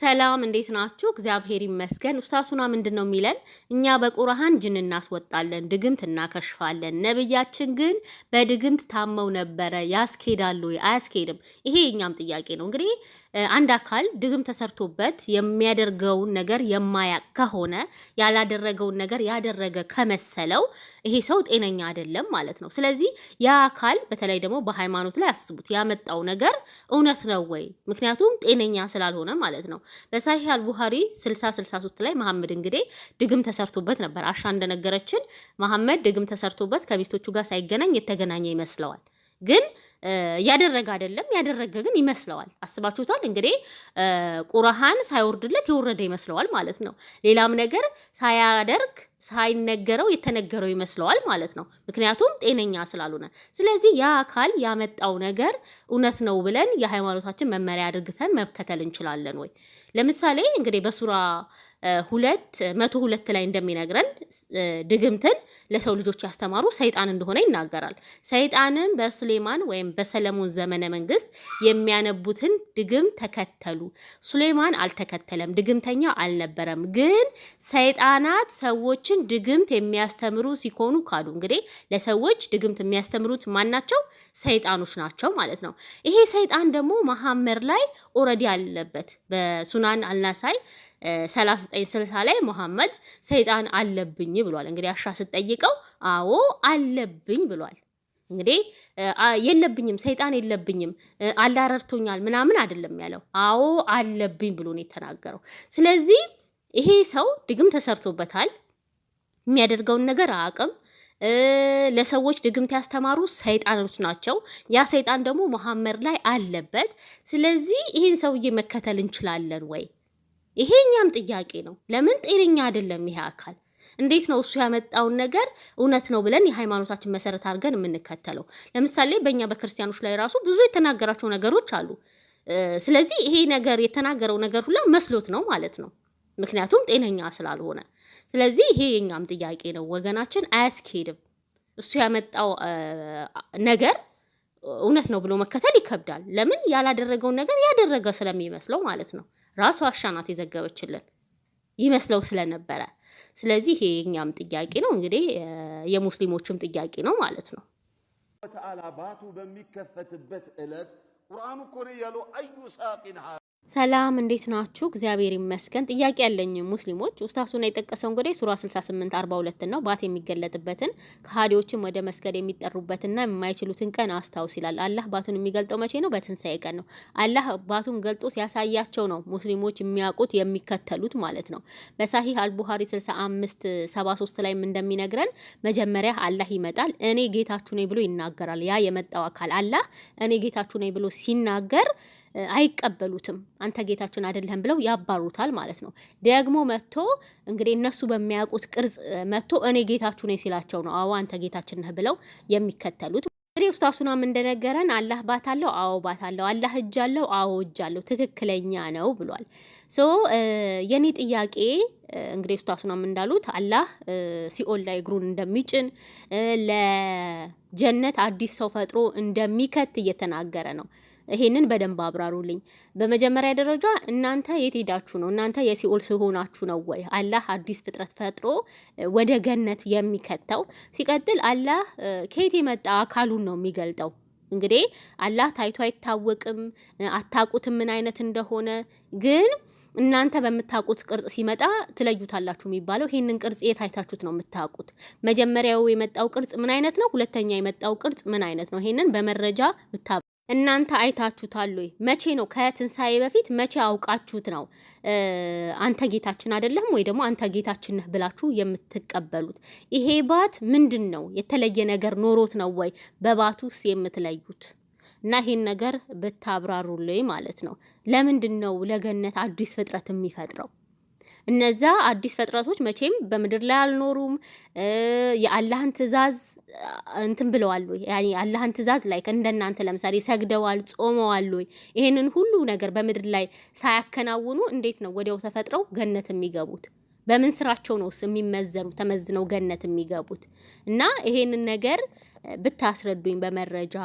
ሰላም እንዴት ናችሁ? እግዚአብሔር ይመስገን። ውስታሱና ምንድን ነው የሚለን? እኛ በቁርሃን ጅን እናስወጣለን፣ ድግምት እናከሽፋለን። ነብያችን ግን በድግምት ታመው ነበረ። ያስኬዳሉ አያስኬድም። ይሄ የኛም ጥያቄ ነው። እንግዲህ አንድ አካል ድግምት ተሰርቶበት የሚያደርገውን ነገር የማያቅ ከሆነ ያላደረገውን ነገር ያደረገ ከመሰለው ይሄ ሰው ጤነኛ አይደለም ማለት ነው። ስለዚህ ያ አካል በተለይ ደግሞ በሃይማኖት ላይ አስቡት፣ ያመጣው ነገር እውነት ነው ወይ? ምክንያቱም ጤነኛ ስላልሆነ ማለት ነው። በሳሂህ አልቡሃሪ 6063 ላይ መሐመድ እንግዲህ ድግም ተሰርቶበት ነበር። አሻ እንደነገረችን መሐመድ ድግም ተሰርቶበት ከሚስቶቹ ጋር ሳይገናኝ የተገናኘ ይመስለዋል። ግን ያደረገ አይደለም፣ ያደረገ ግን ይመስለዋል። አስባችሁታል? እንግዲህ ቁርሃን ሳይወርድለት የወረደ ይመስለዋል ማለት ነው። ሌላም ነገር ሳያደርግ ሳይነገረው የተነገረው ይመስለዋል ማለት ነው። ምክንያቱም ጤነኛ ስላልሆነ። ስለዚህ ያ አካል ያመጣው ነገር እውነት ነው ብለን የሃይማኖታችን መመሪያ አድርግተን መከተል እንችላለን ወይ? ለምሳሌ እንግዲህ በሱራ ሁለት መቶ ሁለት ላይ እንደሚነግረን ድግምትን ለሰው ልጆች ያስተማሩ ሰይጣን እንደሆነ ይናገራል። ሰይጣንም በሱሌማን ወይም በሰለሞን ዘመነ መንግስት የሚያነቡትን ድግም ተከተሉ። ሱሌማን አልተከተለም፣ ድግምተኛ አልነበረም። ግን ሰይጣናት ሰዎች ሰዎችን ድግምት የሚያስተምሩ ሲኮኑ ካሉ እንግዲህ ለሰዎች ድግምት የሚያስተምሩት ማን ናቸው? ሰይጣኖች ናቸው ማለት ነው። ይሄ ሰይጣን ደግሞ መሐመር ላይ ኦልሬዲ አለበት። በሱናን አልናሳይ 3960 ላይ መሐመድ ሰይጣን አለብኝ ብሏል። እንግዲህ አሻ ስጠይቀው አዎ አለብኝ ብሏል። እንግዲህ የለብኝም ሰይጣን የለብኝም አላረርቶኛል ምናምን አይደለም ያለው። አዎ አለብኝ ብሎ ነው የተናገረው። ስለዚህ ይሄ ሰው ድግም ተሰርቶበታል። የሚያደርገውን ነገር አቅም ለሰዎች ድግምት ያስተማሩ ሰይጣኖች ናቸው። ያ ሰይጣን ደግሞ መሐመድ ላይ አለበት። ስለዚህ ይህን ሰውዬ መከተል እንችላለን ወይ? ይሄ እኛም ጥያቄ ነው። ለምን ጤነኛ አይደለም ይሄ አካል? እንዴት ነው እሱ ያመጣውን ነገር እውነት ነው ብለን የሃይማኖታችን መሰረት አድርገን የምንከተለው? ለምሳሌ በእኛ በክርስቲያኖች ላይ ራሱ ብዙ የተናገራቸው ነገሮች አሉ። ስለዚህ ይሄ ነገር የተናገረው ነገር ሁላ መስሎት ነው ማለት ነው። ምክንያቱም ጤነኛ ስላልሆነ። ስለዚህ ይሄ የኛም ጥያቄ ነው ወገናችን፣ አያስኬድም። እሱ ያመጣው ነገር እውነት ነው ብሎ መከተል ይከብዳል። ለምን ያላደረገውን ነገር ያደረገ ስለሚመስለው ማለት ነው። ራሷ አሻናት የዘገበችልን ይመስለው ስለነበረ፣ ስለዚህ ይሄ የኛም ጥያቄ ነው እንግዲህ የሙስሊሞችም ጥያቄ ነው ማለት ነው። ተዓላ ባቱ በሚከፈትበት ዕለት ቁርአኑ እኮ ነው ያለው አዩ ሳቂን ሰላም እንዴት ናችሁ? እግዚአብሔር ይመስገን። ጥያቄ ያለኝ ሙስሊሞች ውስታሱና የጠቀሰው እንግዲህ ሱራ 68 42 ነው። ባት የሚገለጥበትን ከሃዲዎችም ወደ መስገድ የሚጠሩበትና የማይችሉትን ቀን አስታውስ ይላል። አላህ ባቱን የሚገልጠው መቼ ነው? በትንሳኤ ቀን ነው። አላህ ባቱን ገልጦ ሲያሳያቸው ነው ሙስሊሞች የሚያውቁት የሚከተሉት ማለት ነው። በሳሂህ አልቡሃሪ 65 73 ላይም እንደሚነግረን መጀመሪያ አላህ ይመጣል እኔ ጌታችሁ ነኝ ብሎ ይናገራል። ያ የመጣው አካል አላህ እኔ ጌታችሁ ነኝ ብሎ ሲናገር አይቀበሉትም። አንተ ጌታችን አይደለህም ብለው ያባሩታል ማለት ነው። ደግሞ መጥቶ እንግዲህ እነሱ በሚያውቁት ቅርጽ መጥቶ እኔ ጌታችሁ ነኝ ሲላቸው ነው አዎ አንተ ጌታችን ነህ ብለው የሚከተሉት። እንግዲህ ኡስታሱናም እንደነገረን አላህ ባት አለው፣ አዎ ባት አለው። አላህ እጅ አለው፣ አዎ እጅ አለው። ትክክለኛ ነው ብሏል። ሶ የኔ ጥያቄ እንግዲህ ኡስታሱናም እንዳሉት አላህ ሲኦል ላይ እግሩን እንደሚጭን ለጀነት አዲስ ሰው ፈጥሮ እንደሚከት እየተናገረ ነው። ይሄንን በደንብ አብራሩልኝ። በመጀመሪያ ደረጃ እናንተ የት ሄዳችሁ ነው? እናንተ የሲኦል ሲሆናችሁ ነው ወይ አላህ አዲስ ፍጥረት ፈጥሮ ወደ ገነት የሚከተው? ሲቀጥል አላህ ከየት የመጣ አካሉን ነው የሚገልጠው? እንግዲህ አላህ ታይቶ አይታወቅም፣ አታውቁትም ምን አይነት እንደሆነ ግን እናንተ በምታውቁት ቅርጽ ሲመጣ ትለዩታላችሁ የሚባለው ይህንን ቅርጽ የት አይታችሁት ነው የምታውቁት? መጀመሪያው የመጣው ቅርጽ ምን አይነት ነው? ሁለተኛ የመጣው ቅርጽ ምን አይነት ነው? ይሄንን በመረጃ ብታ እናንተ አይታችሁታል ወይ? መቼ ነው ከትንሣኤ በፊት መቼ አውቃችሁት ነው አንተ ጌታችን አይደለም ወይ ደግሞ አንተ ጌታችን ነህ ብላችሁ የምትቀበሉት? ይሄ ባት ምንድን ነው? የተለየ ነገር ኖሮት ነው ወይ በባቱስ የምትለዩት? እና ይሄን ነገር ብታብራሩልኝ ማለት ነው። ለምንድን ነው ለገነት አዲስ ፍጥረት የሚፈጥረው? እነዛ አዲስ ፍጥረቶች መቼም በምድር ላይ አልኖሩም። የአላህን ትእዛዝ እንትን ብለዋል ወይ ያኔ አላህን ትእዛዝ ላይ እንደናንተ ለምሳሌ ሰግደዋል፣ ጾመዋል ወይ ይሄንን ሁሉ ነገር በምድር ላይ ሳያከናውኑ እንዴት ነው ወዲያው ተፈጥረው ገነት የሚገቡት? በምን ስራቸው ነው የሚመዘኑ ተመዝነው ገነት የሚገቡት? እና ይሄንን ነገር ብታስረዱኝ በመረጃ